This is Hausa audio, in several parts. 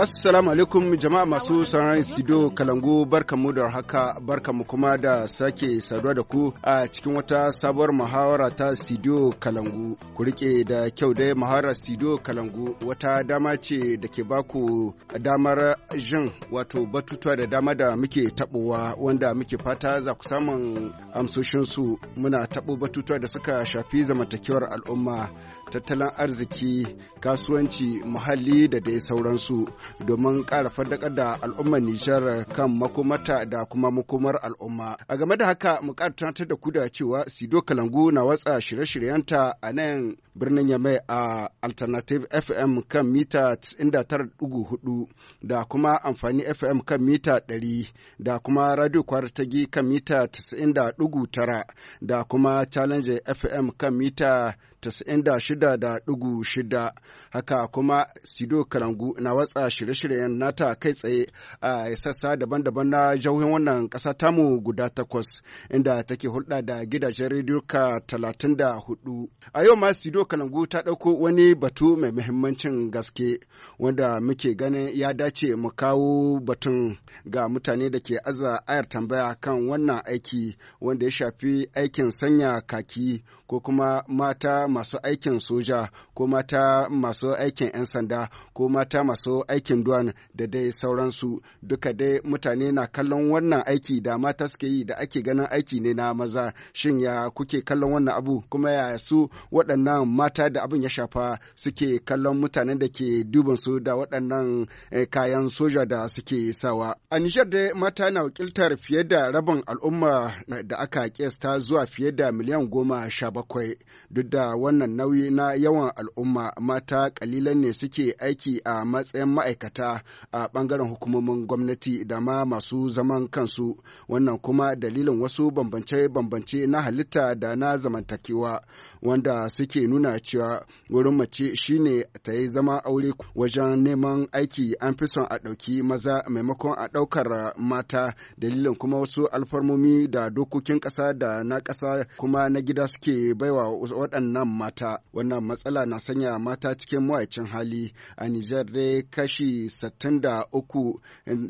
Assalamu alaikum jama'a masu sauraron Sido Kalangu barka mu da haka barka mu kuma da sake saduwa da ku a cikin wata sabuwar muhawara ta Sido Kalangu. Ku rike da kyau dai muhawara sido Kalangu wata dama ce da ke baku damar jin wato batutuwa da dama da muke tabowa wanda muke fata za ku samun amsoshinsu muna tabo batutuwa da suka shafi zamantakewar al'umma. tattalin arziki kasuwanci muhalli da dai sauransu domin ƙara faɗaƙar da al'ummar nijar kan makomata da kuma makomar al'umma a game da haka mu ta tunatar da ku da cewa sido kalangu na watsa shirye-shiryenta a nan birnin Yamai a Alternative FM kan mita 99.4 da kuma amfani FM kan mita 100 da kuma Radio Kwartagi kan mita 90.9 da kuma Challenge FM kan mita 96.6 haka kuma Sido Kalangu na watsa shirye-shiryen nata kai tsaye a sassa daban-daban na jauhin wannan ƙasa tamu guda takwas inda take hulɗa da gidajen rediyo ka 34. A yau ma Sido Kalangu ta ɗauko wani batu mai muhimmancin gaske wanda muke ganin ya dace mu kawo batun ga mutane da ke aza ayar tambaya kan wannan aiki wanda ya shafi aikin sanya kaki ko kuma mata masu aikin soja ko mata masu aikin 'yan sanda ko mata masu aikin duwan da dai sauransu duka dai mutane na kallon wannan aiki da mata suke yi da ake ganin aiki ne na maza shin ya kuke kallon wannan abu kuma ya su waɗannan mata da abin ya shafa suke kallon mutanen da ke duban su da waɗannan eh, kayan soja da suke sawa. A Nijar da mata na wakiltar fiye da rabin al'umma da aka kesta zuwa fiye da miliyan goma sha bakwai. Duk da wannan nauyi na yawan al'umma mata kalilan ne suke aiki a matsayin ma'aikata a ɓangaren hukumomin gwamnati da ma masu zaman kansu. Wannan kuma dalilin wasu bambance-bambance na halitta da na zamantakewa wanda suke nuna nuna cewa wurin mace shine ta yi zama aure wajen neman aiki an fi son a ɗauki maza maimakon a ɗaukar mata dalilin kuma wasu alfarmomi da dokokin ƙasa da na ƙasa kuma na gida suke baiwa waɗannan mata wannan matsala na sanya mata cikin mawacin hali a Nijar dai kashi 63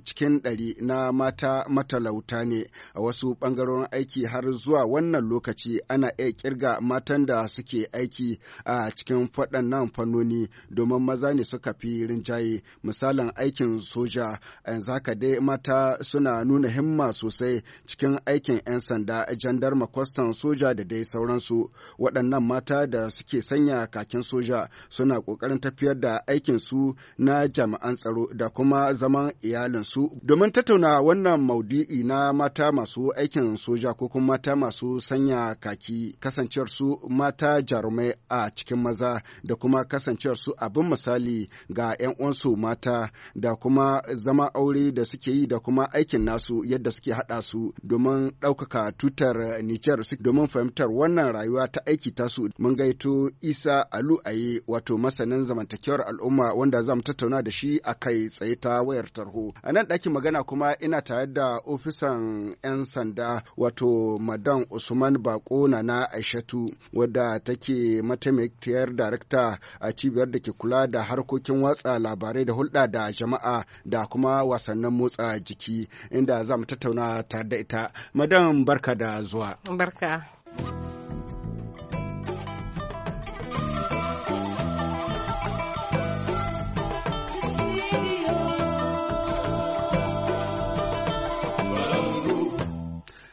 cikin ɗari na mata matalauta ne a wasu ɓangarorin aiki har zuwa wannan lokaci ana iya kirga matan da suke aiki a cikin faɗannan fannoni domin maza ne suka fi rinjaye misalin aikin soja yanzu haka dai mata suna nuna himma sosai cikin aikin 'yan sanda jandar makwastan soja da dai sauransu waɗannan mata da suke sanya kakin soja suna ƙoƙarin tafiyar da aikin su na jami'an tsaro da kuma zaman iyalinsu domin tattauna wannan maudu'i na mata masu aikin soja ko kuma mata masu sanya kaki kasancewar su mata jarumai a cikin maza da kuma kasancewar su abin misali ga 'yan uwansu mata da kuma zama aure da suke yi da kuma aikin nasu yadda suke haɗa su domin ɗaukaka tutar Nijar domin fahimtar wannan rayuwa ta aiki tasu mun gaito Isa Alu Aye wato masanin zamantakewar al'umma wanda za mu tattauna da shi a kai tsaye ta wayar tarho. A nan ɗakin magana kuma ina tare da ofisan 'yan sanda wato Madam Usman Bako na na Aishatu wadda take mata mataimakiyar darakta a cibiyar da ke kula da harkokin watsa labarai da hulɗa da jama'a da kuma wasannin motsa jiki inda za mu tattauna tare da ita. Madam barka da zuwa. Barka.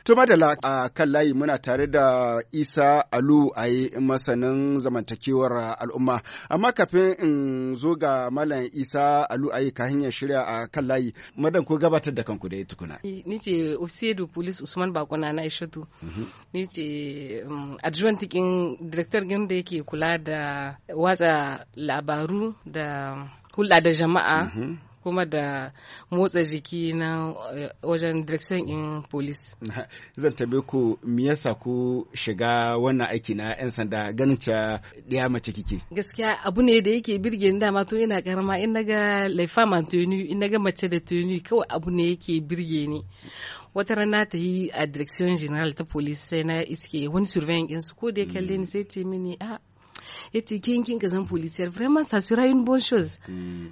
To madala a kan layi muna tare da Isa Alu a yi masanin zamantakewar al'umma. Amma kafin in zo ga Malam Isa Alu a yi ka hanyar shirya a kan layi, madan ko gabatar da kanku da ya tukuna. Ni ce Osedu Police Usman Bakuna na Ishatu. Mhm. Ni ce um, adjutant direktar da yake kula da watsa labaru da hulɗa da jama'a mhm. kuma da motsa jiki na eh, wajen direction in police zan tabe ku me yasa ku shiga wannan aiki na yan sanda ganin cewa ɗaya mace kike gaskiya abu ne da yake birge ni dama to ina karama in naga laifaman tuni in naga mace da tuni kawai abu ne yake birge ni wata rana ta yi a direction general ta police sai na iske wani surveillance ko da ya kalle ni mm. sai ce mini a ah, ya ce kin kin ka zan policier vraiment ça sera une bonne chose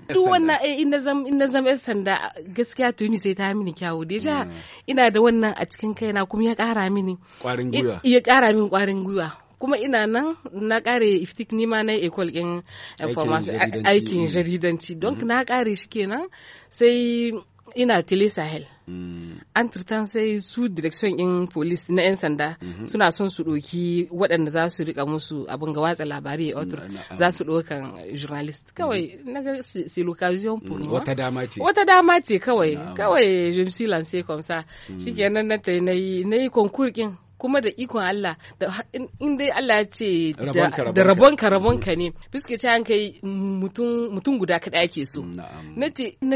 duk wannan in na zan in na zam yan sanda gaskiya tuni sai ta mini kyawu deja mm. ina da wannan a cikin kaina kuma ya kara mini kwarin gwiwa ya kara mini kwarin gwiwa kuma ina nan na kare iftik nima na ekol din eh, aikin jaridanci don mm-hmm. na kare shi kenan sai ina tele sahel mm. an sai su direction in police na 'yan sanda mhm. suna son su ɗoki waɗanda za su rika musu abin ga watsa labarai autor ah. za su ɗokan eh, journalist mm. kawai na ga c'est l'occasion pour moi wata dama ce wata dama ce kawai kawai je me suis lancé comme ça mm. shikenan na yi na yi concours kuma da ikon Allah in dai Allah ce da rabonka rabonka ne biske ta kai mutum guda kaɗa ake so na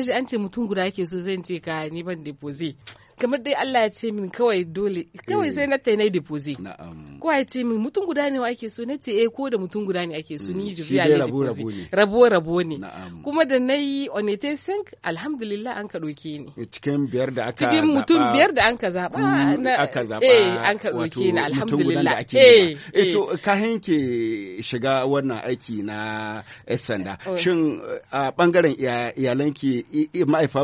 ce an ce mutum guda ake so zan ce ka ni ban deposit kamar dai Allah ya ce min kawai dole kawai sai eh. na ta na deposit ko ya ce min mutum guda ne ake so na ce eh ko da mutum guda ne ake so ni mm, biya ne deposit rabo rabo ne kuma da nayi onete sink alhamdulillah an ka doke ni cikin biyar da aka cikin mutum biyar da an ka zaba mm, aka zaba eh an ka doke ni alhamdulillah eh, eh, eh to ka hanke shiga wannan aiki na sanda oh. shin a bangaren iyalanki ma'aifa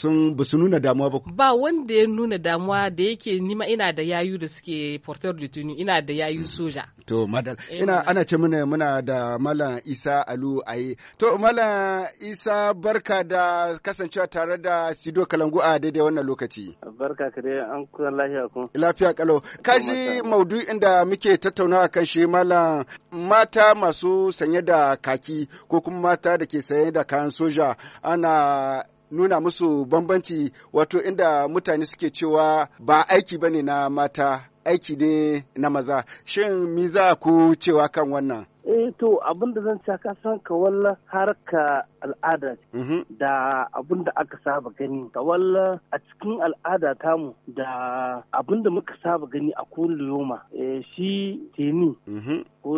sun ba su nuna damuwa ba ba wanda ya nuna damuwa da yake nima ina da yayu da suke porteur de tenue ina da yayu mm. soja to madal eh, ina ana ce mana muna da mala Isa Alu ayi to mala Isa barka da kasancewa tare da Sido Kalangu a daidai wannan lokaci barka ka dai an kusan lafiya kuma. lafiya kalo. kaji Maudu inda muke tattaunawa kan shi mala mata masu sanye da kaki ko kuma mata da ke sanye da kayan soja ana nuna musu bambanci wato inda mutane suke cewa ba aiki bane na mata aiki ne na maza shin mi za ku cewa kan wannan eh to abin da zan ka san ka wallan harka al'ada mm-hmm. da abin da aka saba gani ka walla a cikin al'ada mu, da abin da muka saba gani a kullum yoma eh, shi teni mm-hmm. ko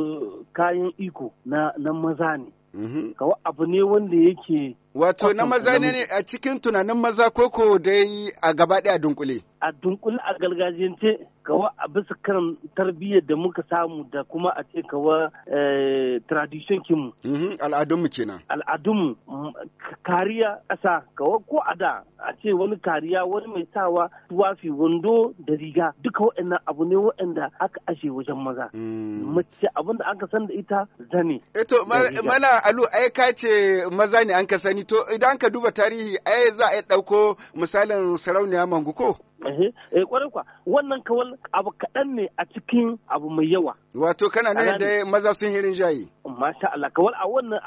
kayan iko na maza ne mm-hmm. kawai abu ne wanda yake Wato na maza ne a cikin tunanin maza koko dai a gaba ɗaya dunkule? A dunkule a gargajiyance kawa a bisa karan tarbiyyar da muka samu da kuma a ce kawa eh, tradition kinmu. Mhm, al'adunmu kenan. Al'adunmu mm, kariya ƙasa kawa ko a da a ce wani kariya wani mai sawa tuwafi wando da riga duka waɗannan abu ne waɗanda aka ashe wajen maza. Mm. Mace abin da aka san da ita zane. Eto eh mala alu ai ka ce maza ne an ka sani to idan ka duba tarihi ai za a ɗauko misalin sarauniya manguko eh kwarai kwa wannan kawal abu kaɗan ne a cikin abu mai yawa wato kana ne da maza sun hirin jayi masha Allah kawal a wannan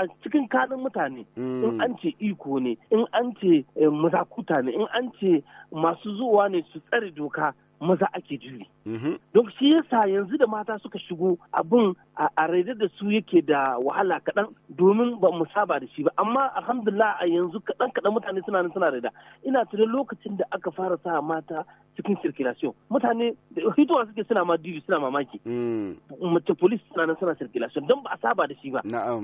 a cikin kanin mutane hmm. in an ce iko ne in an ce eh, mazakuta ne in an ce masu zuwa ne su tsare doka maza ake juyi. Mhm. Don shi yasa yanzu da mata suka shigo abin a raidar da su yake da wahala kaɗan domin ba mu saba da shi ba. Amma alhamdulillah a yanzu kaɗan kaɗan mutane suna nan suna raida. Ina tunan lokacin da aka fara sa mata cikin circulation. Mutane da hituwa suke suna ma dubi suna mamaki. Mm. Mace police suna nan suna circulation don ba a saba da shi ba.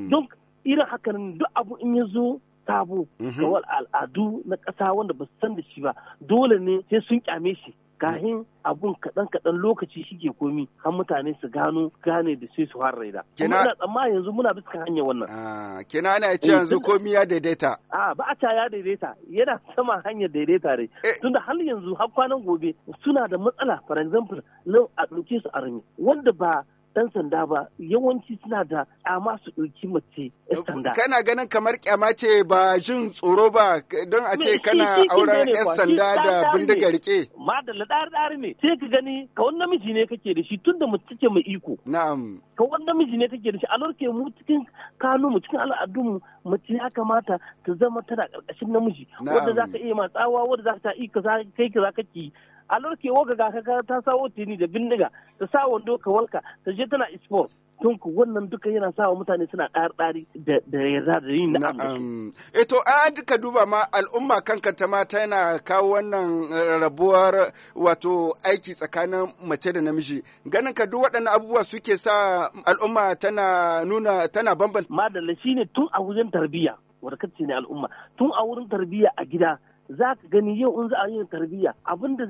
Don irin hakan duk abu in ya zo sabo mhm. ga al'adu na ƙasa wanda ba su san da shi ba dole ne sai sun kyame shi kahin abun kaɗan kaɗan lokaci ke komi har mutane su gano gane da sai su har raida amma tsamma yanzu muna biskan hanyar wannan ah, kina ana ce eh, yanzu komi ya daidaita a ah, ba a ta ya daidaita yana sama hanyar daidaita dai eh. tunda har yanzu har kwanan gobe suna da matsala for example na a ɗauke su armi wanda ba ɗan sanda ba yawanci suna da a su ɗauki mace sanda. Kana ganin kamar kyama ce ba jin tsoro ba don a ce kana auren ɗan sanda da bindiga rike. Madalla ɗari-ɗari ne sai ka gani ka wani namiji ne kake da shi tun da mace ce mai iko. Na'am. Ka wani namiji ne kake da shi a lokacin mu cikin Kano mu cikin al'adunmu mace ya kamata ta zama tana ƙarƙashin namiji. Wanda za ka iya matsawa wanda za ka ta iya kai ka za ka ki a ke woga ga ka ta sa tini da bindiga ta sa wando ka walka ta je tana sport tun ku wannan duka yana sa mutane suna ɗari da yarda da yin na'am eh to an duka duba ma al'umma ta mata yana kawo wannan eh, rabuwar wato aiki tsakanin mace da namiji ganin ka duk waɗannan abubuwa suke sa al'umma tana nuna tana bambanta madalla shine tun a wajen tarbiyya wadda ne al'umma tun a wurin tarbiyya a gida za ka gani yau in za a yi tarbiyya abin da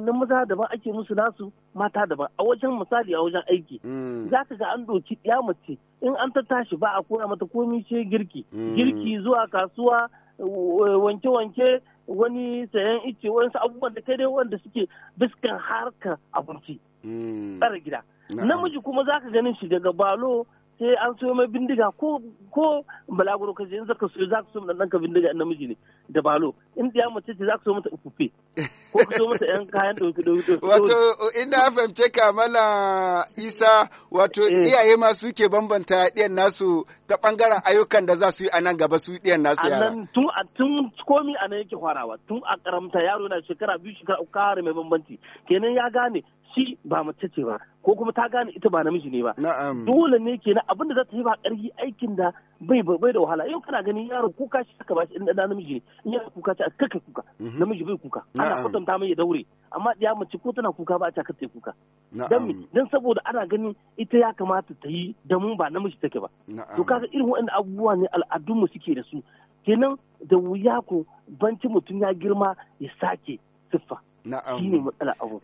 na maza daban ake musu nasu mata daban a wajen misali a wajen aiki mm. za ka ga an doki ya mace in an ta tashi ba a koya mata komi ce girki mm. girki zuwa kasuwa eh, wanke-wanke wani sayan ice wani abubuwan da kai dai wanda suke biskan harkar abinci mm. tsara gida namiji kuma za ka ganin shi daga balo sai an so mai bindiga ko ko balaguro ka in zaka so zaka so dan ka bindiga namiji ne da balo in da mace ce zaka so mata ufufe ko ka so mata yan kayan dauki dauki wato ina fahimce ka mala isa wato eh. iyaye ma suke bambanta diyan nasu ta bangaren ayyukan da za su yi a nan gaba su diyan nasu yara tun a tun komi a nan yake farawa tun a karamta yaro na shekara biyu shekara uku kare mai bambanci kenan ya gane shi ba mace ce ba ko kuma ta gane ita ba namiji ne ba dole ne kenan abinda za ta yi ba karfi aikin da bai bai da wahala yau kana ganin yaro kuka shi aka bashi inda namiji ne in yaro kuka ce a kaka kuka mhm. namiji bai kuka ana kwatanta mai ya daure amma ya mace ko tana kuka ba a ce aka kuka dan saboda ana ganin ita ya kamata ta yi da mun ba namiji take ba to kaga irin waɗannan abubuwa ne al'adun al'adunmu suke da su kenan da wuya ko banci mutum ya girma ya sake siffa Na'am.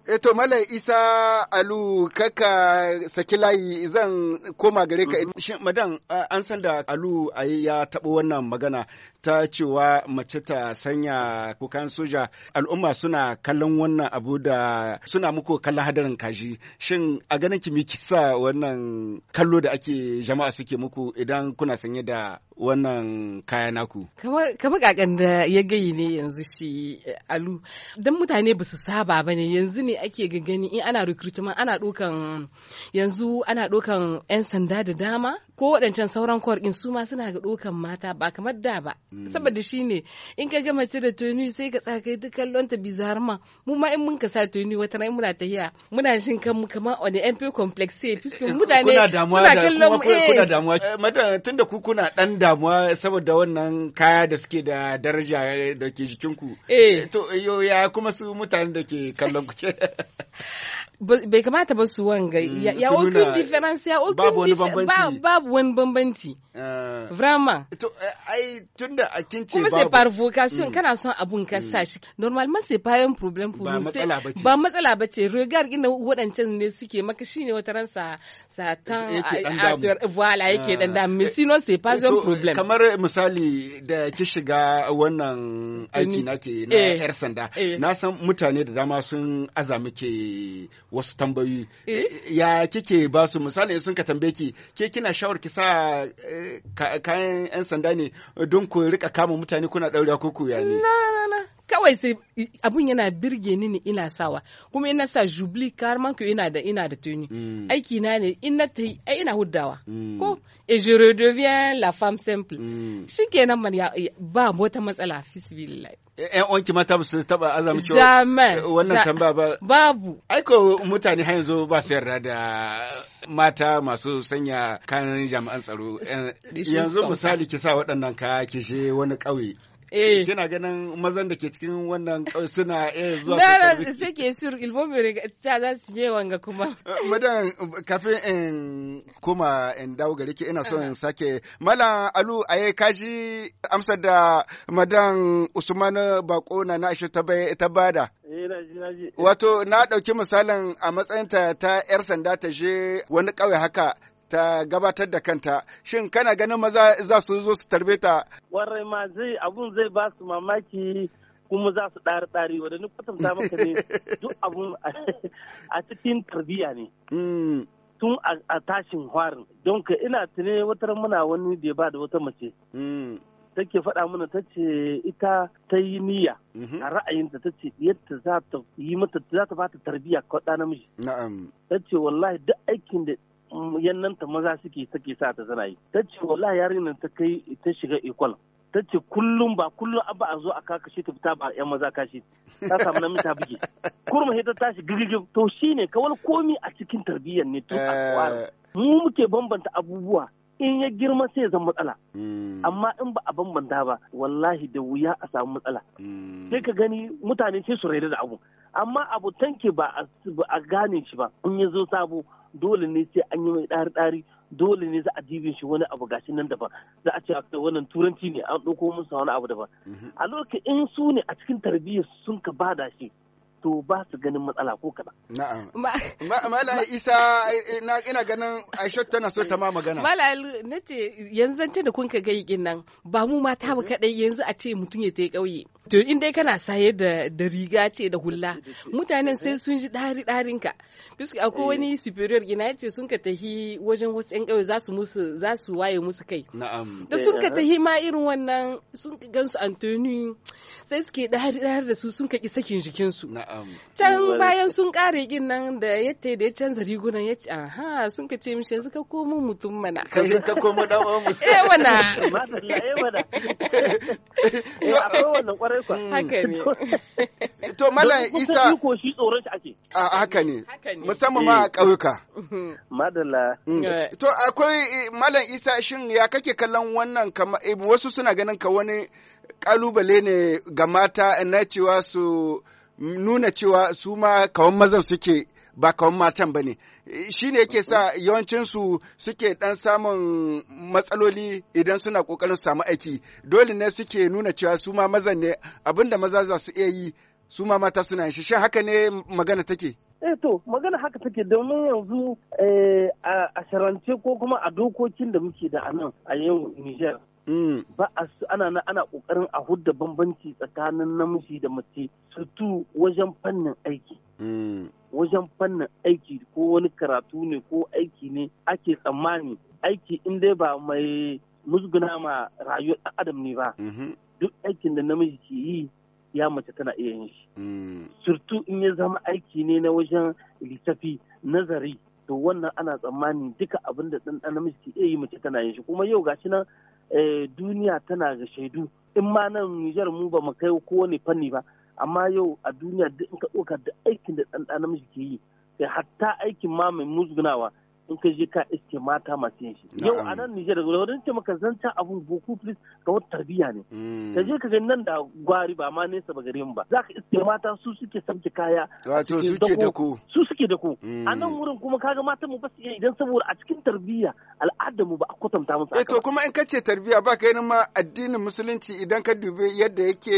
Eh, to Malam Isa Alu kaka saki layi zan koma gare ka. Mm-hmm. Shin madan an san da Alu ayi ya taɓo wannan magana ta cewa mace ta sanya kukan soja al'umma suna kallon wannan abu da suna muku kallon hadarin kaji. Shin a ganin ki me kisa wannan kallo da ake jama'a suke muku idan kuna sanye da wannan kaya naku? Kamar kakan da ya gayi ne yanzu shi alu. Don mutane ba su saba ba ne yanzu ne ake gani in ana recruitment ana ɗaukan yanzu ana ɗaukan 'yan sanda da dama ko waɗancan sauran kwar in su ma suna ga ɗaukan mata ba kamar da ba. Hmm. Saboda shi ne in ka gama da tuni sai ka tsaka duk kallon ta bizar ma mu ma in mun ka sa tuni wata in muna ta hiya muna shin kan mu kamar on MP complex sai eh, mutane suna kallon mu eh. Kuna damuwa eh, tunda ku kuna ɗan damuwa saboda wannan kaya da suke da daraja da ke jikinku. Eh. eh to yo, ya kuma su mutane da ke kallon kuke. bai kamata ba su wanga mm, ya wakil difference ya aucune babu wani bambanci babu wani bambanci ah. vraiment to eh, ai tun da a kince babu kuma sai par vocation mm. kana son abun ka sa mm. shi normalement c'est pas un problème pour nous ba matsala bace regard ina wadancan ne suke maka shine wata ran sa sa tan acteur voilà yake ah. dan da mais sinon c'est pas eh, un problem kamar misali da ki shiga wannan mm. aiki nake na eh. yar sanda eh. na san mutane da dama sun aza muke wasu tambayoyi eh. ya kike ba su misali sun ka tambaye ki ke kina shawar ki sa kayan yan sanda ne don ku rika kama mutane kuna daure ko ku ya kawai sai abun yana birge ni ne ina sawa kuma ina sa jubli man ku ina da ina da tuni mm. aiki na ne in na tai ai ina huddawa mm. ko et je redeviens la femme simple mm. shikenan man ya ba wata matsala bismillah yan eh, uwanki mata ta su taba azam cewa wannan tambaya ba babu aiko mutane har yanzu ba su yarda da mata masu sanya kayan jami'an tsaro eh, yanzu misali sa waɗannan kaya ki je wani ƙauye Eh. kina ganin mazan da ke cikin wannan suna eh zuwa na da suke sur ilmo mai ta za su biye wanga kuma eh, madan kafin in kuma in dawo gari ki ina so in sake mala alu aye kaji amsar da madan usman bako na na shi ta bada eh, wato na ɗauki misalin a matsayinta ta yar sanda ta je wani kauye haka ta gabatar da kanta shin kana ganin maza za su zo su tarbe ta warai ma zai abun zai ba su mamaki kuma za su ɗari ɗari wadda ni kwatanta maka ne duk abun a cikin tarbiyya ne hmm. tun a tashin harin don ka ina tune wata muna wani da ba da wata mace hmm. take faɗa mana ta ce ita ta yi niyya mhm. a ra'ayinta ta ce yadda za ta yi mata za ta bata tarbiyya ko ɗa namiji ta ce wallahi duk aikin da yannanta maza suke take sa ta tana yi ta ce wallahi yarinyar ta kai ta shiga ikwal ta ce kullum ba kullum ba a zo a kakashe ta fita ba yan maza kashi ta samu namiji ta buge kurma ta tashi girgirgir to shine kawal komi a cikin tarbiyyar ne tun a eh. mu muke bambanta abubuwa in ya girma sai ya zama matsala hmm. amma in ba a bambanta ba wallahi da wuya a samu matsala hmm. sai ka gani mutane sai su raida da abu amma abu tanke ba a gane shi ba in ya zo sabo dole ne sai an yi mai ɗari ɗari dole ne za a dibin shi wani abu gashi nan daban za a ce wannan turanci ne an ɗauko musu wani abu daban hmm. a lokacin in su ne a cikin tarbiyyar sun ka bada shi to ba su ganin matsala ko kaɗan. Na'am. Isa eh, ina ganin Aisha tana so ta ma magana. Mala na ce yanzu da kun ka gai nan ba mu mata ba eh? kaɗai yanzu a ce mutum ya ta ƙauye. To in dai kana saye da da riga ce da hulla mutanen sai sun ji ɗari ɗarin ka. Bisu akwai eh. wani superior gina ya ce sun ka tahi wajen wasu ƴan ƙauye za su musu za su waye musu kai. Na'am. Da sun ka tahi ma irin wannan sun gansu Antonio sai suke ɗayar da su sun kaki sakin jikinsu can bayan sun kare gin nan da yadda da ya canza rigunan ya ce aha sun ka ce mishi yanzu ka komo mutum mana ka komo dan uwan musu eh wana eh wana to eh, akwai wannan kwarai kwa haka ne to mallam isa ko shi tsoron shi ake haka ne musamman ma a eh. ƙauyuka madalla mm. to akwai eh, malam isa shin ya kake kallon wannan kamar wasu suna ganin ka wani kalubale ne ga mata na cewa su nuna cewa su ma kawan mazan suke ba kawan matan ba ne shi ne yake sa yawancinsu suke ɗan samun matsaloli idan suna ƙoƙarin samu aiki dole ne suke nuna cewa su ma mazan ne abinda maza za su iya yi su ma mata suna shi shi haka ne magana take eh to magana haka take domin yanzu eh, a sharance ko kuma a dokokin da muke da anan a yau Nijar Mm. ba a ana ana kokarin a hudda bambanci tsakanin namiji da mace sutu wajen fannin aiki mm. wajen fannin aiki ko wani karatu ne ko aiki ne ake tsammani aiki in dai ba mai musguna ma rayuwar adam ne ba mm-hmm. duk aikin da namiji ke yi ya mace tana iya yin shi mm. surtu in ya zama aiki ne na wajen lissafi nazari to wannan ana tsammani duka abin da ɗan namiji ke iya yi mace tana yin shi kuma yau gashi nan Eh, duniya tana da shaidu in ma nan Nijar mu ba mu kai kowane fanni ba amma yau a duniya duk in ka ɗauka da aikin da ɗan namiji ke yi kai hatta aikin ma mai musgunawa in ka je ka iske mata masu yin shi yau a nan Nijar da wurin ce maka zanta abun boku please wata tarbiyya ne mm. ka je ka gani nan da gwari ba ma nesa ba gare ba za ka iske mata su suke samke kaya wato ke da ku su suke da ku mm. a nan wurin kuma kaga mata mu ba su idan saboda a cikin tarbiya al'adar mu ba a kwatanta musu eh to kuma in ka ce tarbiya ba ka yi ma addinin musulunci idan ka dube yadda yake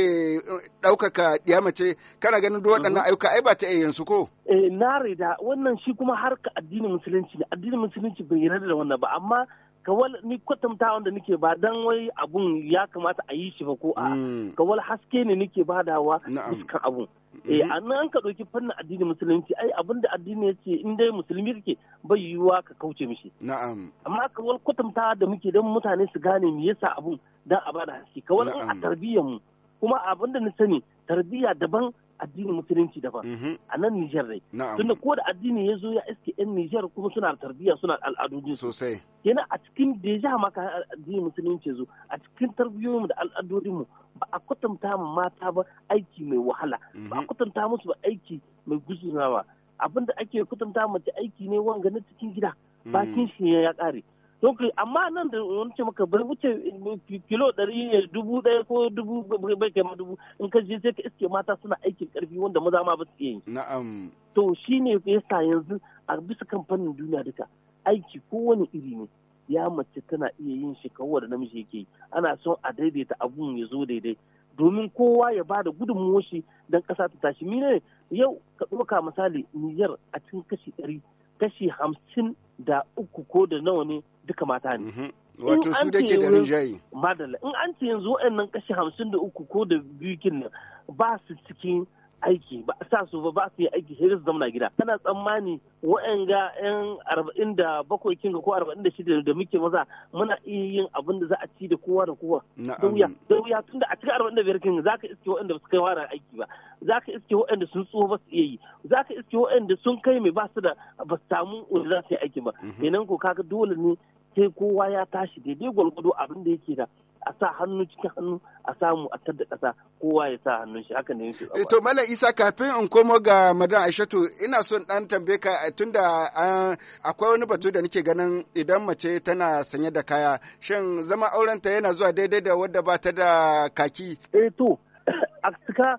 daukaka uh, mace kana ganin duk waɗannan mm-hmm. ayyuka ai ba ta iya yanzu ko eh na rida wannan shi kuma harka addinin musulunci ne addinin musulunci bai yarda da wannan ba amma kawal ni kwatanta wanda nake ba dan wai abun ya kamata a yi shi ba ko a mm. kawal haske ne nake badawa dukkan abun mm-hmm. eh an an ka ɗauki fannin addinin musulunci ai abin da addini yace in dai musulmi kake bai yiwuwa ka kauce mishi na'am amma kawal kwatanta da muke dan mutane su gane me yasa abun dan a bada haske kawal a tarbiyyar mu kuma abin da na sani tarbiyya daban addinin musulunci daban mhm. a nan Nijar ne tunda ko da addini ya zo ya iske yan Nijar kuma suna da tarbiyya suna da al'adun sosai yana a cikin da ya deja maka addinin musulunci zo a cikin tarbiyoyinmu da mu ba a kwatanta mu mata ba aiki mai wahala ba a mhm. kwatanta musu ba aiki mai guzunawa abinda ake kwatanta mace aiki ne wanga na cikin gida mhm. bakin shi ya kare donc amma nan da wani ce maka bai wuce eh, kilo ɗari ne eh, dubu ɗaya ko dubu bai kai ma dubu in ka je sai ka iske mata suna aikin karfi wanda maza ma ba su iya yi. Na'am. To shi ne sa yanzu a bisa kamfanin duniya duka aiki kowane iri ne ya mace tana iya yin shi kawai da namiji yake yi ana son a daidaita abun ya zo daidai domin kowa ya ba da gudunmuwar shi don ƙasa ta tashi ne yau ka ɗauka misali niyyar a cikin kashi ɗari kashi hamsin da uku ko da nawa ne duka mata ne. Mhm. Wato su da ke da rinjaye. Madalla in an ce yanzu waɗannan kashi hamsin da uku ko da biyu kin nan ba su cikin aiki ba sa su ba ba su yi aiki sai su zamana gida kana tsammani waɗanga yan arba'in da bakwai kinga ko arba'in da shida da muke maza muna iya yin abin da za a ci da kowa da kowa da wuya da wuya tun da a cikin arba'in da biyar kinga za ka iske waɗanda ba su kai wara aiki ba za ka iske waɗanda sun tsoho ba su iya yi za ka iske waɗanda sun kai mai ba su da ba su samu wanda za su yi aiki ba mhm. kenan ko kaga dole ne sai kowa ya tashi daidai gwargwado abin da yake da a sa hannu cikin hannu a samu a tadda ƙasa kowa ya sa hannun shi haka ne yake eh, to mala isa kafin in komo ga madan aishatu ina son dan tambaye ka eh, tunda eh, akwai wani batu da nake ganin idan mace tana sanye da kaya shin zama aurenta yana zuwa daidai da wadda ba ta da kaki eh to a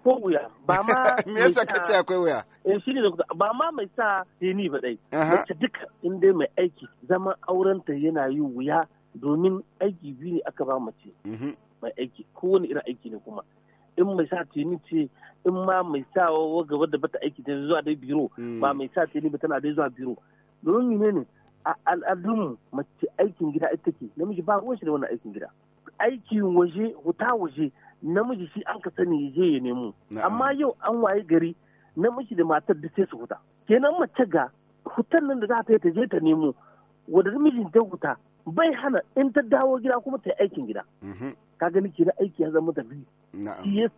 ko wuya ba ma me yasa ka ce akwai wuya eh shi ne ba ma mai sa ni ba dai mace duka in dai mai aiki zama aurenta yana yi wuya domin aiki biyu ne aka ba mace mhm. mai aiki kowane irin aiki ne kuma in mai sa teni ce in ma mai sa wa gaba da bata aiki ta zuwa dai biro mm. ba mai sa teni ba tana dai zuwa biro domin mene ne a al'adunmu mace aikin gida ita take namiji ba ruwan shi da wani aikin gida aikin waje wuta waje namiji shi an ka sani ya je ya nemo amma yau an waye gari namiji da matar da sai su huta kenan mace ga hutar nan da za ta yi ta je ta nemo wanda namijin ta huta bai hana in ta dawo gida kuma ta yi aikin gida mhm. ka gani kenan aiki ya zama da shi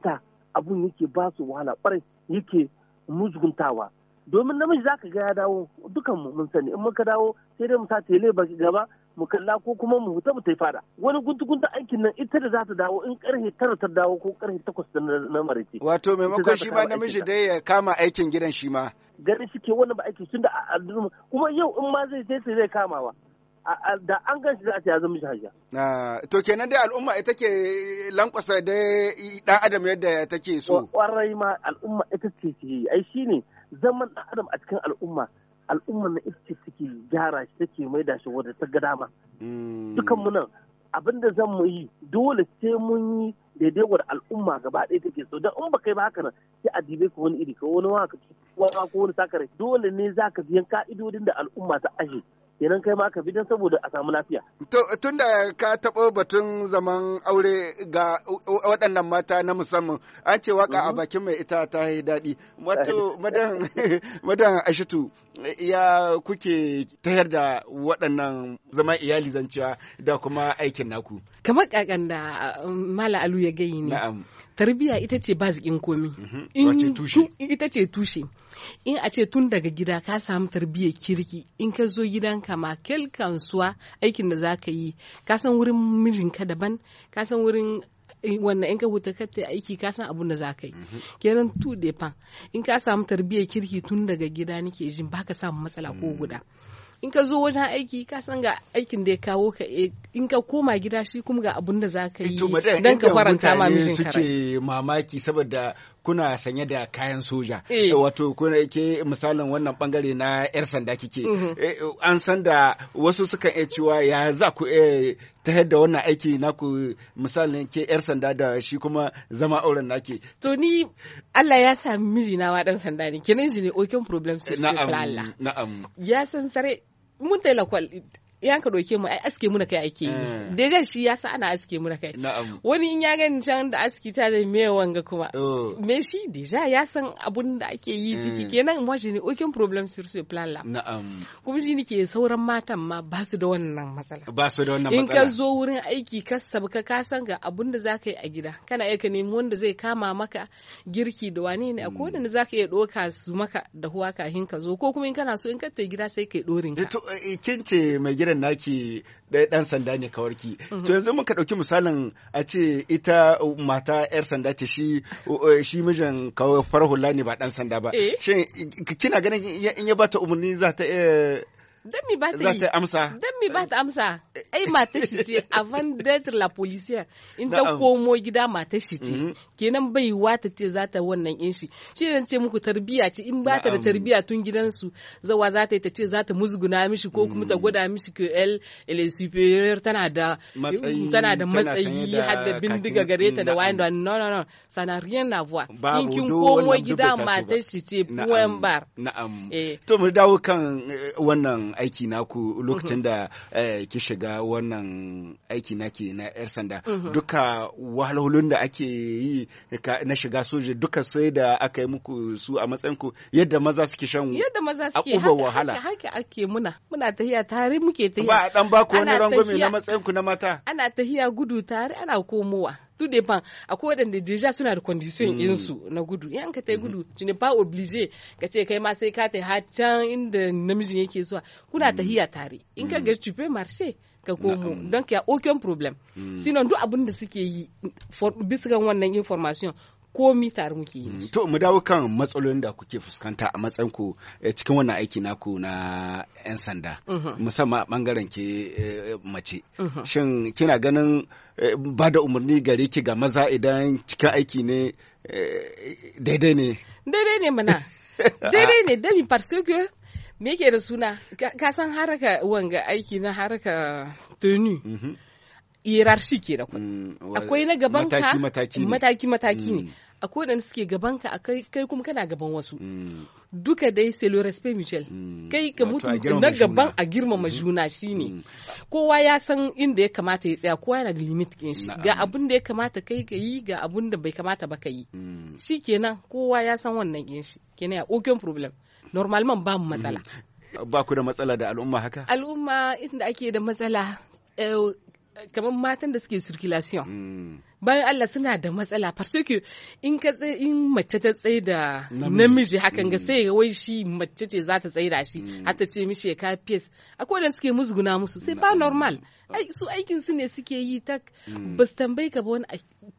abun yake ba su wahala kwarai yake musguntawa domin namiji za ka ga ya dawo dukan mu mun sani in muka dawo sai dai mu sa tele gaba mu kalla ko kuma mu huta mu tai fada wani guntu guntu aikin nan ita da za ta dawo in karfe tara ta dawo ko karfe takwas na maraice wato maimakon shi ba namiji dai ya kama aikin gidan shi ma gari suke wannan ba aiki tunda a kuma yau in ma zai sai zai ba da an gan shi za a ce ya zama hajiya. To kenan dai al'umma ita ke lankwasa da ɗan adam yadda take so. Ƙwarai ma al'umma ita ce ce ai shi ne zaman ɗan adam a cikin al'umma al'ummar na iske take gyara shi take da shi wadda ta ga dama hmm. dukan nan abin da zan mu yi dole sai mun yi daidai wa al'umma gaba ɗaya take so don in ba kai ba haka nan sai a dibe ka wani iri ko wani waka wani ko wani sakare dole ne za ka biyan ka'idodin da al'umma ta aje kenan kai ma ka bi don saboda a samu lafiya. Tun da ka taɓa batun zaman aure ga waɗannan mata na musamman an ce waka a mhm. bakin mai ita ta yi daɗi. Wato madan Ashitu ya kuke tayar da waɗannan zaman iyali zancewa da kuma aikin naku. Kamar kakan da Mala Alu ya gayi ne tarbiya ita ce ba zikin komi mhm. ita ce tushe in a ce tun daga gida ka samu tarbiyyar kirki in ka zo gidanka ma kelkansuwa aikin da za ka yi ka san wurin mijinka daban ka san wurin eh, wannan in ka huta ka ta aiki ka san abun da za ka yi mhm. kenan tu pan in ka samu tarbiyyar kirki tun daga gida nake jin baka samu matsala ko mm. guda in ka zo wajen aiki ka san ga aikin da ya kawo ka eh, in ka koma gida shi kuma ga abun da za ka eh, yi dan ka faranta ma mishin kare suke mamaki saboda kuna sanye da kayan soja eh. wato kuna ke misalin wannan bangare na yar sanda kike mm-hmm. an san da wasu sukan iya cewa ya za ku ta yadda wannan aiki naku misalin ke yar sanda da shi kuma zama auren nake to ni Allah ya sami mijina wa dan sanda ne kenan shi ne oken problem sai Na'am. na'am ya san sare mun tai lakwal yan ka doke mu ai aske mu na kai ake yi eh. deja shi ya sa ana aske mu na kai wani in ya gani can da aski ta da me wanga kuma oh. me shi deja ya san abun da ake yi eh. ciki kenan mu shi ne okin problem sur ce plan la na'am kuma shi ke sauran matan ma ba su da wannan matsala ba su da wannan matsala in ka zo wurin aiki ka sabu ka san ga abun da zaka yi a gida kana aika ne nemi wanda zai kama maka girki da wani ne akwai mm. wanda zaka iya doka su maka da huwa kafin ka zo ko kuma in kana so in ka ta gida sai kai dorin ka eh kin ce mai gida. bangaren naki ɗaya ɗan sanda ne kawarki. To mhm. yanzu muka ɗauki misalin a ce ita uh, mata 'yar sanda ce shi uh, uh, shi mijin kawai farhula ne ba ɗan sanda ba. Eh? Shin kina ganin in ya bata umarni za ta iya Dan mi ba ta yi. Za ta amsa. Dan mi ba ta amsa. Ai mata shi ce avant d'être la policière in ta komo gida mata shi ce. Mm-hmm. Kenan bai wata ce za ta wannan in shi. Shi zan ce muku tarbiya ce in ba ta da tarbiya tun gidansu zawa za ta yi ta ce za ta musguna mishi ko kuma ta mm-hmm. gwada mishi ko el le superior tana da tana da matsayi har da bindiga gare ta da wayan da no no no sana rien na voir. In kin komo gida mata shi ce puan bar. Na'am. Eh. To mu dawo kan eh, wannan aiki naku lokacin mhm. da eh, ki shiga wannan aiki naki na yar sanda mhm. duka wahalhalun da ake yi na shiga soja duka sai da aka yi muku su a matsayin ku yadda maza suke shan yadda maza suke wahala haka ake muna muna tahiya tare muke tahiya ba a ba baku wani rangwame na matsayin ku na mata ana tahiya gudu tare ana komowa tout dépend akwai waɗanda deja suna da condition mm. in su na gudu in ka tai mm-hmm. gudu tu ne pas obligé ka ce kai ma sai ka tai har can inda namijin yake zuwa kuna mm. tahiya tare in ka mm. ga tu peux marcher ka komo don a aucun problème sinon duk abin da suke yi bisa wannan information komi tare muke yi mm, to mu dawo kan matsalolin da kuke fuskanta a matsayin ku eh, cikin wannan aiki naku na yan sanda mm-hmm. musamman bangaren ke eh, mace mm-hmm. shin kina ganin eh, ba da umarni gare ki ga maza idan cikin aiki ne daidai ne daidai ne mana daidai ne dami parce me yake da suna ka san haraka wanga aiki na haraka tuni irarshi ke da kuɗi mm, akwai na gaban ka mataki mataki ne mm. akwai waɗanda suke gaban ka kai kuma kana gaban wasu mm. duka dai c'est le respect mutuel kai ka mutu na gaban a girmama juna shine kowa ya san inda ya kamata ya tsaya kowa yana da limit kin shi ga abin da ya kamata kai ka yi ga abin da bai kamata ba ka yi shikenan kowa ya san wannan kin shi kenan ya aucun problem normalement ba mu matsala ba ku da matsala da al'umma haka al'umma inda ake da matsala eh, kamar matan da suke circulation mm. bayan Allah suna da matsala farsoki in ka in mace ta tsaye da namiji hakan ga mm. sai wai shi mace ce za ta tsaye da shi mm. har ta ce mishi ya ka fes akwai wanda suke musguna musu sai ba normal ai su aikin su ne suke yi ta mm. ba tambayi ka ba wani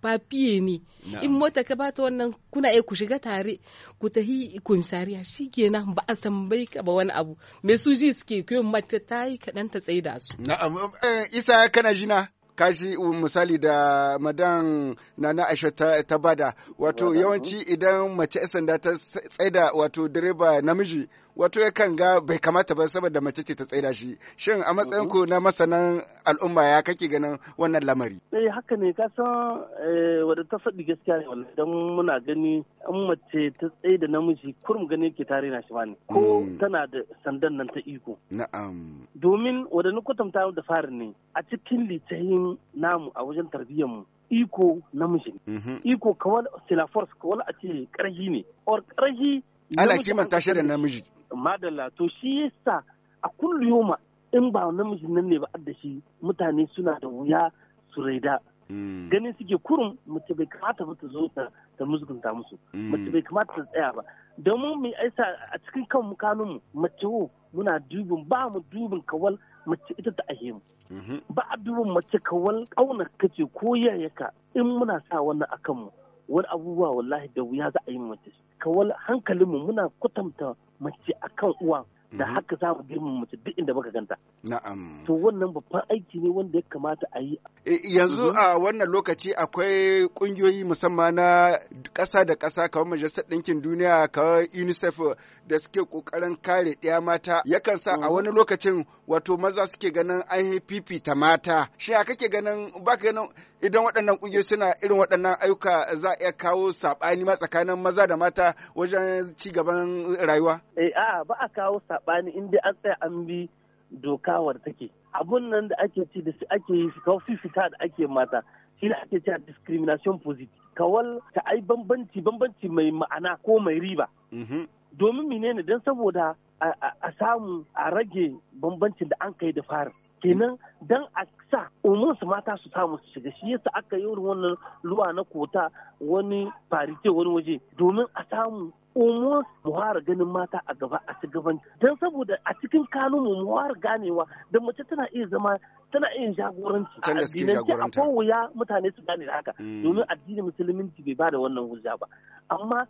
papiye ne in mota ka bata wannan kuna iya ku shiga tare ku ta tahi komisariya kenan ba a tambayi ka ba wani abu me su ji suke kiyon mace ta yi kaɗan ta tsaye da su na'am eh, isa kana jina kashi misali da madan nana aisha ta, ta bada wato yawanci mm. idan mace sanda ta tsaida wato direba namiji wato ya kan ga bai kamata ba saboda mace ce ta tsaida shi shin a matsayin ku na masanan al'umma ya kake ganin wannan lamari eh haka ne ka san eh, wanda ta faɗi gaskiya ne wallahi dan muna gani an mace ta tsaida namiji kurum gani ke tare na shi ba ne ko hmm. tana da sandan nan ta iko na'am domin wanda ni kwatanta da fari ne a cikin litayin namu a wajen tarbiyyar mu iko namiji mhm. iko kawal silafors kawal a ce karhi ne or karhi ana kimanta shi da namiji madalla to shi yasa a yoma in ba namiji nan ne ba adda shi mutane suna da wuya su raida hmm. ganin suke kurum mace bai kamata ba ta zo ta musgunta musu hmm. mace bai kamata ta tsaya ba domin mai aisa a cikin kan mukanun mu mace wo muna dubin ba mu dubin kawal mace ita ta ahe mu mhm. ba a dubin mace kawal kauna kace ko yayaka in muna sa wannan akan mu wani abubuwa wallahi da wuya za a yi mace kawal hankalinmu muna kwatanta mace akan uwa da mhm. haka za mu girma mace duk inda muka ganta. Na'am. To wannan babban aiki ne wanda ya kamata a yi. Eh, yanzu mhm. a wannan lokaci akwai kungiyoyi musamman na ƙasa da ƙasa kamar Majalisar Ɗinkin Duniya kamar UNICEF da suke ƙoƙarin kare ɗaya mata yakan sa a mhm. wani lokacin wato maza suke ganin an fifita mata. Shi a kake ganin baka ganin idan waɗannan ƙungiyar suna irin waɗannan ayyuka za a iya kawo saɓani ma tsakanin maza da mata wajen ci gaban rayuwa? Eh a ba a kawo saɓani inda an tsaya an bi doka wadda take. Abun nan da ake ci da ake yi kawo fifita da ake mata shi ne ake cewa discrimination positive. Kawal ta ai bambanci bambanci mai ma'ana ko mai riba. Mhm. Domin menene don saboda a samu a rage bambancin da an kai da fari. kenan dan a sa umar su mata su samu su shiga shi yasa aka yi wannan luwa na kota wani farite wani waje domin a samu umar mu fara ganin mata a gaba a shugaban dan saboda a cikin kanun mu mu fara ganewa da mace tana iya zama tana iya jagoranci a a akwai wuya mutane su gane haka hmm. domin addinin musulminci bai ba da wannan hujja ba amma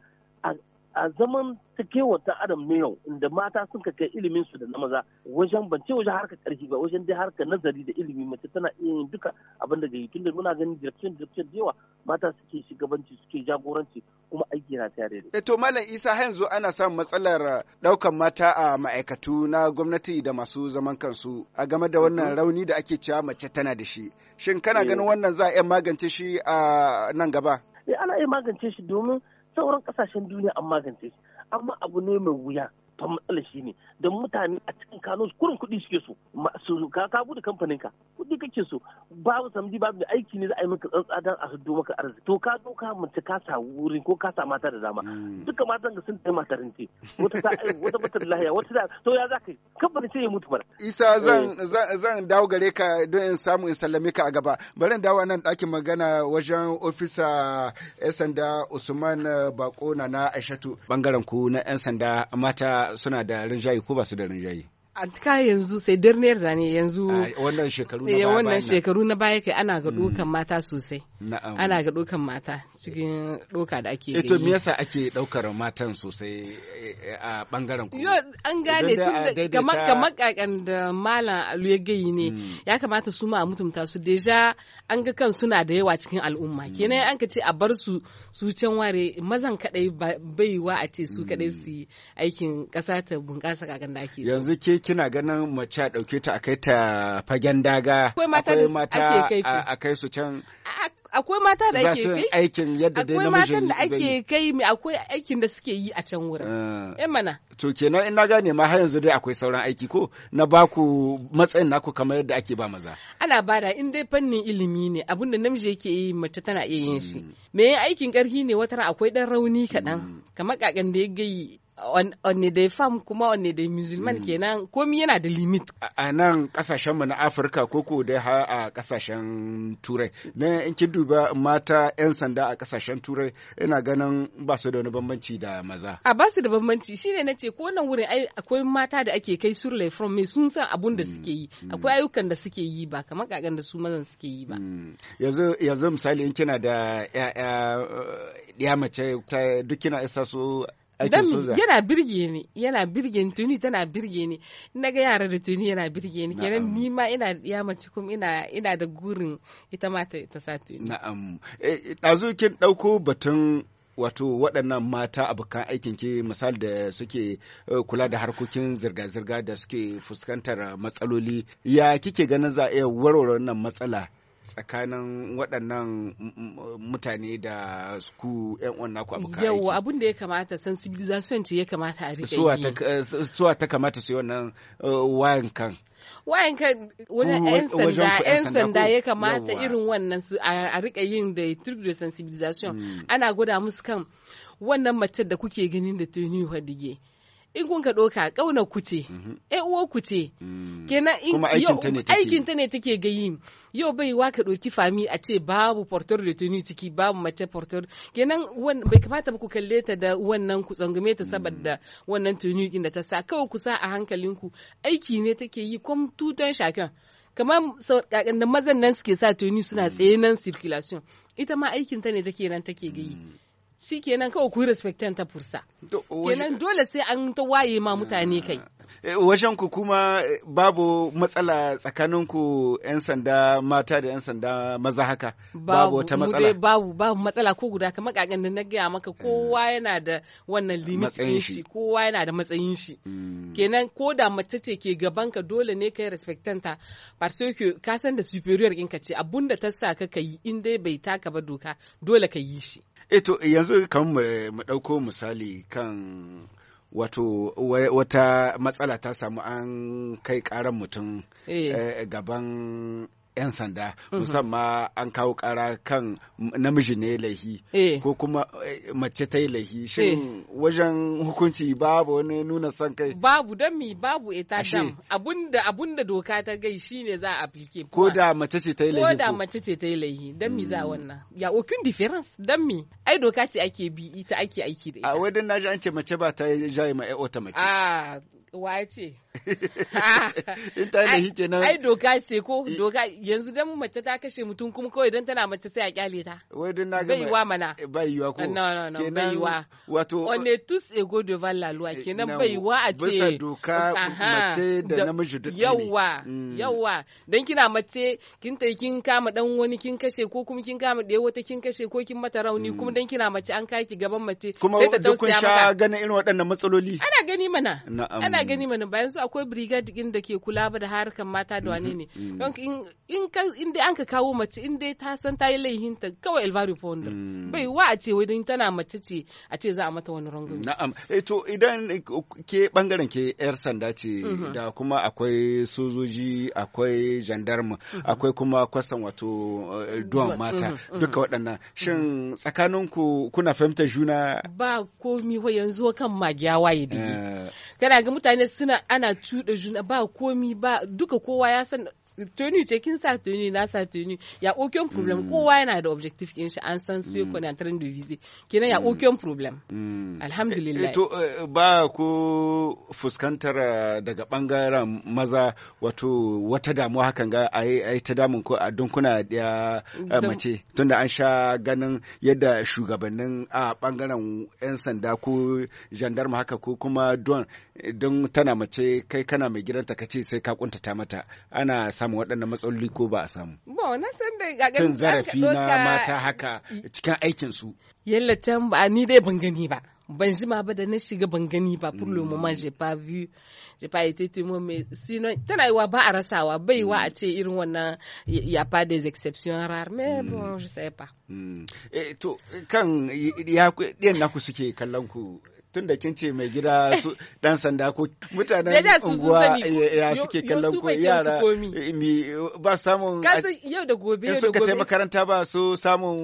a zaman takewar ta adam na yau inda mata sun ka kai ilimin su da na maza wajen ce wajen harka karfi ba wajen dai harka nazari da ilimi mace tana iya yin duka abin da gayi tunda muna ganin direction direction da yawa mata suke shugabanci suke jagoranci kuma aiki na tare da eh to malam Isa yanzu ana son matsalar daukan uh, mata a ma'aikatu na gwamnati da masu zaman kansu a game da wannan mm-hmm. rauni da ake cewa mace tana da shi shin kana eh. ganin wannan za a iya magance shi a uh, nan gaba eh ana iya magance shi domin sauran kasashen duniya an magance shi amma abu ne mai wuya babban matsala shi ne don mutane a cikin kano kurin kuɗi suke so su ka ka bude kamfanin ka kuɗi kake so babu samji babu da aiki ne za a yi maka tsantsa dan a hiddo maka arziki to ka zo ka mace ka sa wurin ko ka sa mata da dama hmm. duka matan da sun taimaka matarin ce wata ta wata bata da lahiya wata da to ya za ka yi kamfanin sai ya mutu bara isa eh. zan zan dawo gare ka don in samu in sallame ka a gaba bari dawo nan ɗakin magana wajen ofisa 'yan sanda Usman Bako na na Aishatu bangaren ku na 'yan sanda mata suna da rinjaye ko ba su da rinjaye a ka yanzu sai dernier zane yanzu wannan shekaru na eh, baya wannan shekaru na baya kai ana ga dokan mm. mata sosai ana ga dokan mata cikin doka da ake eh, to me yasa ake daukar matan sosai eh, a bangaren ku an gane tun kamar kamar kakan da malam alu ya gayi ne mm. ya kamata su ma a mutumta su deja an ga kan suna da yawa cikin al'umma mm. kenan an ka ce a bar su su can ware mazan kadai baiwa a ce su kadai su aikin kasa ta bunƙasa kakan da ake yanzu ke kina ganin mace a ɗauke ta a kai ta fagen daga akwai mata a kai su can akwai mata da ake kai aikin yadda dai akwai matan da ake kai mai akwai aikin da suke yi a can wurin ah. eh mana to kenan in na gane ma har yanzu dai akwai sauran aiki ko na baku matsayin naku kamar yadda ake ba maza ana bada in dai fannin ilimi ne abun da namiji yake yi mace tana iya yin shi mm. me aikin karhi ne wata akwai dan rauni kaɗan mm. kamar kakan da ya gayi on, da fam kuma on ne musulman hmm. kenan komi yana da limit a nan kasashenmu na afirka ko ko dai ha a kasashen turai na in kin duba mata 'yan sanda a kasashen turai ina ganin ba su da wani bambanci da maza a ba su da bambanci shine na ce ko nan wurin akwai mata da ake kai sur from me sun san abun da hmm. suke yi hmm. akwai ayyukan da suke yi ba kamar kakan da su mazan suke yi ba yanzu yanzu misali in kina da eh, ya mace duk kina isa su dan yana birge ni yana birge ni tuni tana birge ni ina ga yara da tuni yana birge ni kenan ni ma ina ya mace kuma ina ina da gurin ita ma ta sa tuni na'am dazu eh, kin ɗauko batun wato waɗannan mata abokan aikin ke misali da suke eh, kula da harkokin zirga-zirga da suke fuskantar matsaloli ya kike ganin za a iya warware wannan matsala tsakanin waɗannan mutane da ku yan uwan naku abu kai yawa abin da ya kamata sensibilization ce ya kamata a rike yi suwa ta kamata su yi wannan uh, wayan kan wayan kan wajen yan sanda yan sanda ya kamata irin wannan su a rika yin da turk da sensibilization hmm. ana gwada musu kan wannan mace da kuke ganin da tuni hadige in kun ka ɗoka ƙauna ku ce mhm. ai uwa ku ce mm. kenan in aikin ta ne take gayi yau bai wa ka ɗoki fami a ce babu portor da tuni ciki babu mace portor kenan bai kamata ba ku kalle ta da wannan ku tsangume ta saboda mm. wannan tuni da ta sa kawai ku sa a hankalinku aiki ne take yi kom tutan shakan kamar da mazan nan suke sa tuni suna mm. tsaye nan circulation ita ma aikin ta ne take nan take gayi shi kenan kawai ku respectan ta fursa kenan dole sai an ta waye ma mutane kai eh, wajen ku kuma eh, babu matsala tsakanin ku 'yan sanda mata da 'yan sanda maza haka babu wata matsala babu babu matsala ko guda kamar kakan da na gaya maka eh. kowa yana da wannan limit ɗin shi kowa yana da matsayin shi hmm. kenan ko da mace ce ke gaban ka dole ne kai ta parce que ka san da superior ɗinka ce abunda ta sa ka yi in dai bai taka ba doka dole ka yi shi eto eh, yanzu kamar mu ɗauko misali kan wato wata matsala ta samu an kai karan mutum eh. Eh, gaban 'yan sanda mm-hmm. musamman an kawo kara kan namiji ne laihi eh. ko kuma eh, mace ta yi laihi eh. shin wajen hukunci babu wani nuna son kai babu don mi babu dam abunda abunda doka ta gai shine za a aplike ko da mace ce ta yi laihi ko da mace ce ta yi laihi don mi za mm. wannan ya okun difference don mi ai doka ce ake bi ita ake aiki da ita a wadannan naji an ce mace ba ta jaye ma ta mace a ah, waye ce in ta da hike nan ai doka ce ko doka yanzu dan mace ta kashe mutum kuma kawai dan tana mace sai a kyale ta wai dan na bai yiwa mana bai yiwa ko no no no bai yiwa wato on est tous égaux devant la loi eh, kenan bai yiwa a ce bisa doka mace da namiji duk yawa mm. yawa dan kina mace kin tai kin kama dan wani kin kashe ko kuma kin kama da wata kin kashe ko kin mata rauni mm. kuma dan kina mace an kaki gaban mace sai ta tausaya maka kuma duk kun sha ganin irin waɗannan matsaloli ana gani mana ana gani mana bayan su akwai brigade din da ke kula ba da harkar mata da wani ne mhm, mhm. don in dai an ka kawo mace in dai ta san ta yi laihin kawai elvari founder mm. bai wa a ce wai tana mace ce a ce za a mata wani rangon na'am eh, to idan ke bangaren ke yar sanda ce mhm. da kuma akwai sojoji akwai gendarme akwai kuma kwasan wato eh, duwan mata duka waɗannan shin tsakaninku kuna fahimtar juna ba komi yanzu kan magiya waye dai eh. kana ga mutane suna ana cuɗa juna ba komi ba duka kowa ya san tonu ce kin sa tonu na sa tonu ya okyon problem mm. kowa yana da objective kin shi an san su mm. ko na train de kenan ya okyon mm. problem alhamdulillah eh, eh, to eh, ba ko fuskantar daga bangaren maza wato wata damuwa hakan ga ai ai ta damun ko a dunkuna da mace tunda an sha ganin yadda shugabannin a bangaren yan sanda ko gendarme haka ko kuma don don tana mace kai kana mai gidanta ka ce sai ka kuntata mata ana samun waɗannan matsaloli ko ba a samu. Ba na san da ga zarafi na mata haka cikin aikin su. Yalla can ba ni dai ban gani ba. Ban ji ma ba da na shiga ban gani ba pour le moment j'ai pas vu j'ai pas été témoin mais sinon tana yiwa ba a rasawa bai wa a ce irin wannan ya pas des exceptions rares mais bon je sais pas. to kan ya ɗiyan ku suke kallon ku tun da kin ce mai gida su dan sanda ko mutanen unguwa eh, ya suke kallon ko yara eh, ba samun yau da gobe yau da gobe suka ce makaranta ba su samun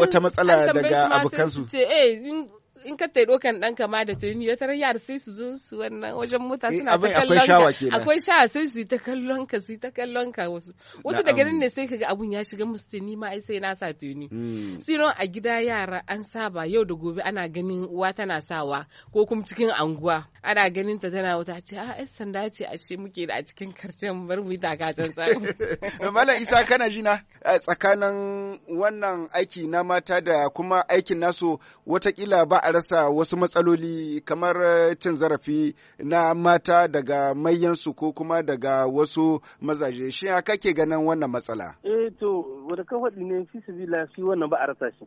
wata matsala daga abokan eh in ka taɗo kan ɗan kama da tuni ya tarar yar sai su zo su wannan wajen mota eh, suna ta kallon ka akwai sha sai su ta kallon ka su ta kallon ka wasu wasu daga nan ne sai kaga abun ya shiga musu tuni ma ai sai na sa tuni hmm. sinon a gida yara an saba yau da gobe ana ganin uwa tana sawa ko kuma cikin anguwa ana ganin ta tana wuta ce a ah, ai sanda ce ashe muke da a cikin karshen bar mu yi ka can Malam Isa kana jina eh, tsakanin wannan aiki na mata da kuma aikin nasu watakila ba a rasa wasu matsaloli kamar eh, cin zarafi na mata daga mayyansu ko kuma daga wasu mazaje shi ya kake ganin wannan matsala eh to wadda ka faɗi ne fi su shi wannan ba a rasa shi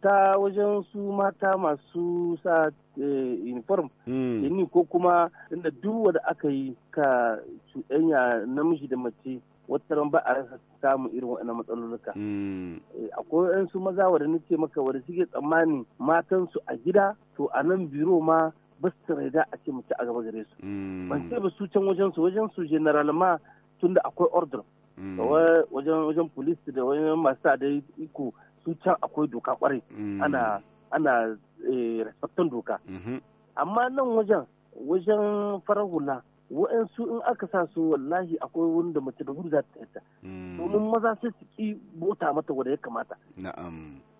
ta wajen su mata masu sa eh, uniform hmm. ni ko kuma inda duk wanda aka yi ka cuɗanya namiji da mace wata ba a rasa samun irin waɗannan matsalolika. Mm. Eh, akwai waɗansu maza wadda nake maka wadda suke tsammani matansu a gida to a nan biro ma ba su raida a ce mace a gaba gare su. Mm. Ban ce ba su can wajen su wajen su general ma tunda akwai order. Mm. Wajen wajen police da wajen masu da iko su can akwai doka kwarai ana ana eh, respectan doka. Mm-hmm. Amma nan wajen wajen farar hula wa'ansu in aka sa su wallahi akwai wanda mace da gudu ta yadda hmm. domin maza sai su ki bota mata wanda ya kamata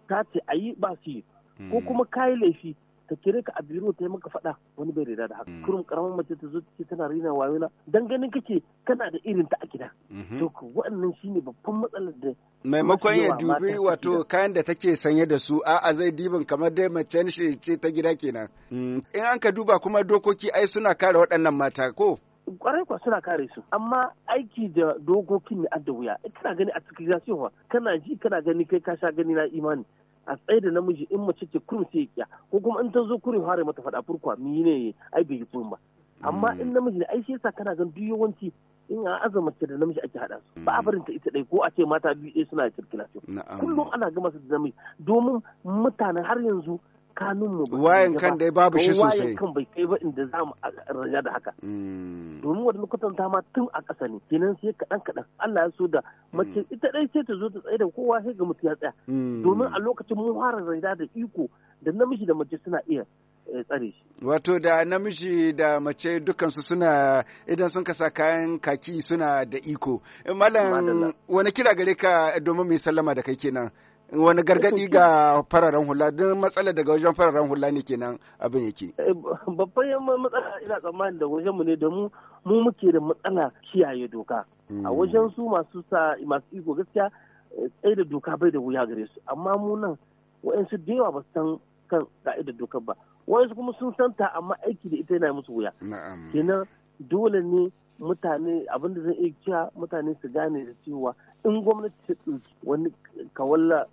ta ce a yi ba su yi ko hmm. kuma kayi laifi ta kire ka a biro ta yi maka faɗa wani bai rida da haka mm. kurum karamar mace ta zo ta ce tana rina na dan ganin kake kana da irin ta a gida mm-hmm. to wannan shine babban matsalar da maimakon ya dubi wato kayan da take sanye da su a'a zai dibin kamar dai mace shi ce ta gida kenan mm. in an ka duba kuma dokoki ai suna kare waɗannan mata ko kwarai kwa suna kare su amma aiki da dokokin ne adda wuya kana gani a cikin gida kana ji kana gani kai ka sha gani na imani a tsaye da namiji in mace ce kurum sai ya ko kuma in ta zo kurum hare mata faɗa furkwa mi ne ai bai yi kurum ba amma mm. in namiji ne ai shi yasa kana gan duk yawanci in a azama ce da namiji ake haɗa su ba a mm. barin ta ita ɗai ko a ce mata biyu ɗaya suna circulation kullum ana gama su da namiji domin mutanen har yanzu tsakaninmu ba wayan kan dai babu shi sosai wayan kan bai kai ba inda za mu raja da haka hmm. domin wanda ta ma tun a ƙasa ne kenan sai kaɗan kaɗan Allah ya so da hmm. mace ita dai sai ta zo ta tsaye da kowa sai ga mutu ya tsaya hmm. domin a lokacin mun fara raja da iko da namiji da mace suna iya eh, tsare shi wato da namiji da mace dukansu suna idan sun kasa kayan kaki suna da iko eh, malam wani kira gare ka domin mai sallama da kai kenan wani gargadi ga fararen hula don matsala daga wajen fararen hula ne kenan abin yake eh, babban yamma matsala ina tsammani da wajen mu ne da mu mu muke da matsala kiyaye doka a hmm. wajen su masu sa masu iko gaskiya eh, tsaye da doka bai da wuya gare su amma mu nan wa'ansu da yawa ba san kan ka'idar dokar ba wa'ansu kuma sun ta amma aiki da ita yana musu wuya kenan dole ne mutane abinda zan iya kira mutane su gane da cewa in gwamnati ta ɗauki wani kawalla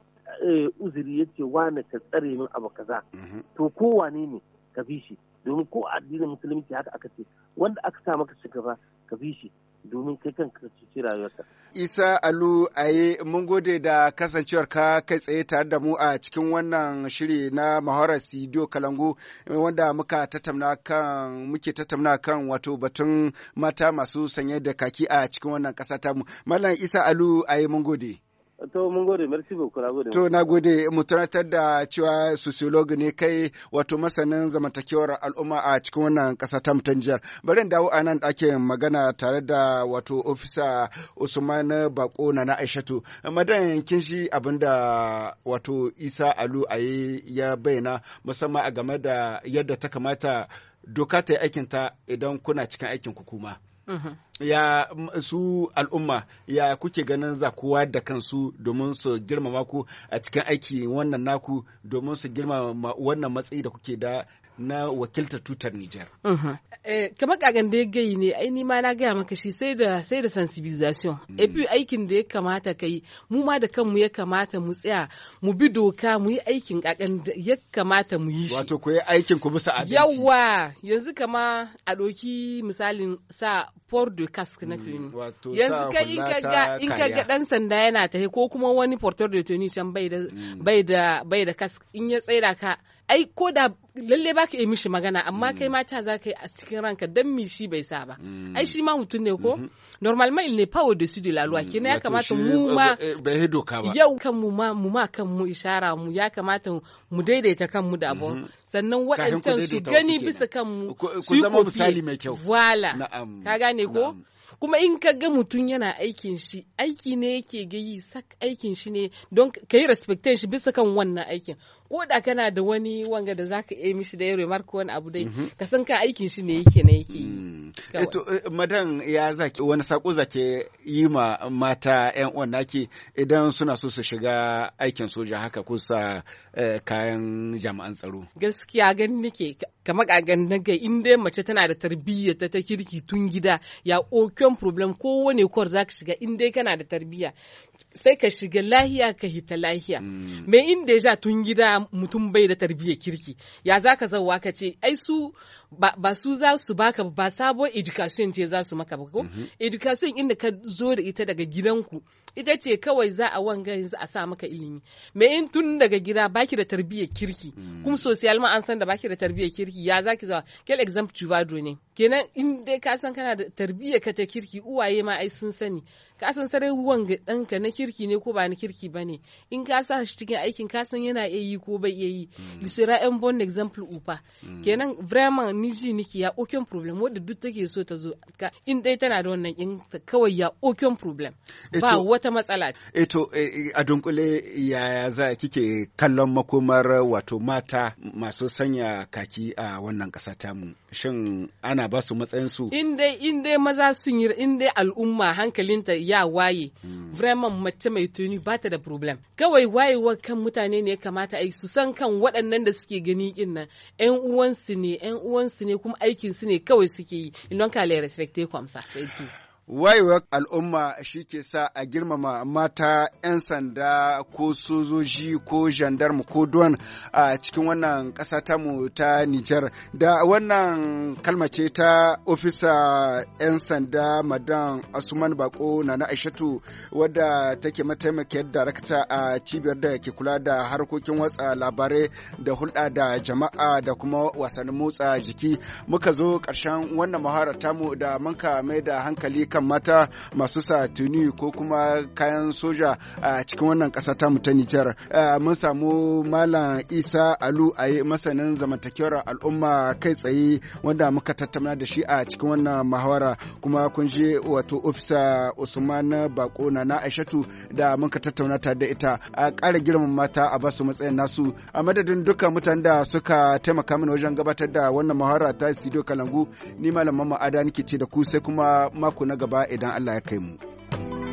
Eh, uzuri ya ce wane ka tsare min abu kaza mhm. to kowane ne ka bi shi domin ko addinin musulunci haka aka ce wanda aka sa maka shugaba ka bi shi domin kai kan ka ci rayuwarka. Isa Alu Aye mun gode da kasancewar ka kai tsaye tare da mu a cikin wannan shiri na Mahara Sidiyo Kalangu wanda muka tattauna kan muke tattauna kan wato batun mata masu sanye da kaki a cikin wannan kasa tamu. Mallam Isa Alu Aye mun gode. To mun gode, merci beaucoup, na gode. To na gode, mu da cewa sociolog ne kai wato masanin zamantakewar al'umma a cikin wannan ƙasa ta mutanjiyar. Barin dawo a nan magana tare da wato ofisa Usman Bako na na Aishatu. Madan kin shi abin da wato Isa Alu ayi ya bayyana musamman a game da yadda ta kamata doka ta yi aikinta idan kuna cikin aikin hukuma. Mm-hmm. ya su al'umma ya kuke ganin za kowa da kansu domin su girmama ku a cikin aiki wannan naku domin su girmama wannan matsayi da kuke da na wakiltar tutar Nijar. Eh, kamar kagan da ya gayi ne, ai ni ma na gaya maka shi sai da sai da sensibilization. Epi mm. aikin da ya kamata kai, mu ma da kanmu ya kamata mu tsaya, mu bi doka, mu yi aikin kagan da ya kamata mu yi shi. Wato ku yi aikin ku bisa adalci. Yawwa, yanzu kama a ɗoki misalin sa port de casque na mm, tuni. Yanzu kai in ka ga in ka ga dan sanda yana tahe ko kuma wani porteur de tuni can bai da mm. bai da bai da casque in ya tsaira ka ai ko da lalle baka yi mishi magana amma kai ma za ka yi a cikin ranka dan mi shi bai sa ba mm. ai shi ma mutum ne ko mm-hmm. normalement il ne pas au dessus de la loi kenan ya kamata mu eh, ma eh, bai doka ba yau kan mu ma mu ma kan mu ishara mu ya kamata mu daidaita kan mu da abu mm-hmm. sannan waɗancan su gani bisa kan mu su zama misali mai kyau wala ka gane ko kuma in ka ga mutum yana aikin shi aiki ne yake gayi sak aikin shi ne don ka yi respectation bisa kan wannan aikin ko da kana da wani wanga da zaka iya mishi da yaro marko wani abu dai mhm. ka san ka aikin shi ne yake na yake mm. eh to eh, madan ya zaki wani sako zake yi ma mata yan uwan naki idan suna so su shiga aikin soja haka ko sa eh, kayan jami'an tsaro gaskiya gan nake kamar kagan naga in dai mace tana da tarbiyya ta ta kirki tun gida ya okyon problem ko wani kwar zaka shiga in dai kana da tarbiyya sai ka shiga lahiya ka hita lahiya mai mm. in deja tun gida mutum bai da tarbiyyar kirki ya zaka zauwa ka ce ai su ba su za su baka ba sabo education ce za su maka ba ko mhm. education inda ka zo da ita daga gidanku ita ce kawai za a wanga yanzu a sa maka ilimi me in tun daga gida baki da tarbiyyar kirki mm. kuma social ma an san da baki da tarbiyyar kirki ya zaki zawa kel example tuvado ne kenan in dai ka san kana da tarbiyyar ka ta kirki uwaye ma ai sun sani ka san sarai wanga danka na kirki ne ko ba na kirki ba in ka sa shi cikin aikin ka san yana iya yi ko bai iya yi mm. lisira en bon example upa mm. kenan vraiment ni ji niki ya oken problem wadda duk take so ta zo in dai tana da wannan in kawai ya oken problem eh, ba wata matsala eto eh, eh, a dunkule yaya za kike kallon makomar wato mata masu sanya kaki a wannan kasa mu shin ana ba su matsayin su in dai in dai maza sun yi in dai al'umma hankalinta ya waye hmm. vraiment mace mai tuni ba ta da problem kawai wayewar kan mutane ne kamata a yi su san kan waɗannan da suke gani kin nan 'yan uwansu ne ƴan uwansu su ne kuma aikin su ne kawai suke yi in don qu'à les respecter comme ça c'est tout wayewar al'umma shi ke sa a girmama mata 'yan sanda ko sojoji ko gendarme ko duwan a cikin wannan ƙasa tamu ta Nijar. Da wannan kalmace ta ofisa 'yan sanda madan Asuman Bako na na Aishatu wadda take mataimakiyar darakta a cibiyar da ke kula da harkokin watsa labarai da hulɗa da jama'a da kuma wasannin motsa jiki. Muka zo ƙarshen wannan tamu da mai da hankali kan akan mata masu sa tuni ko kuma kayan soja a cikin wannan ƙasa ta mu ta Nijar. Mun samu Malam Isa Alu a masanin zamantakewar al'umma kai tsaye wanda muka tattauna da shi a cikin wannan mahawara kuma kun je wato ofisa Usman Bako na na Aishatu da muka tattauna ta da ita a ƙara girman mata a basu matsayin nasu a madadin dukkan mutanen da suka taimaka mana wajen gabatar da wannan mahawara ta Sido Kalangu ni Malam Mama Ada nake ce da ku sai kuma mako na gaba gaba idan Allah ya kai mu.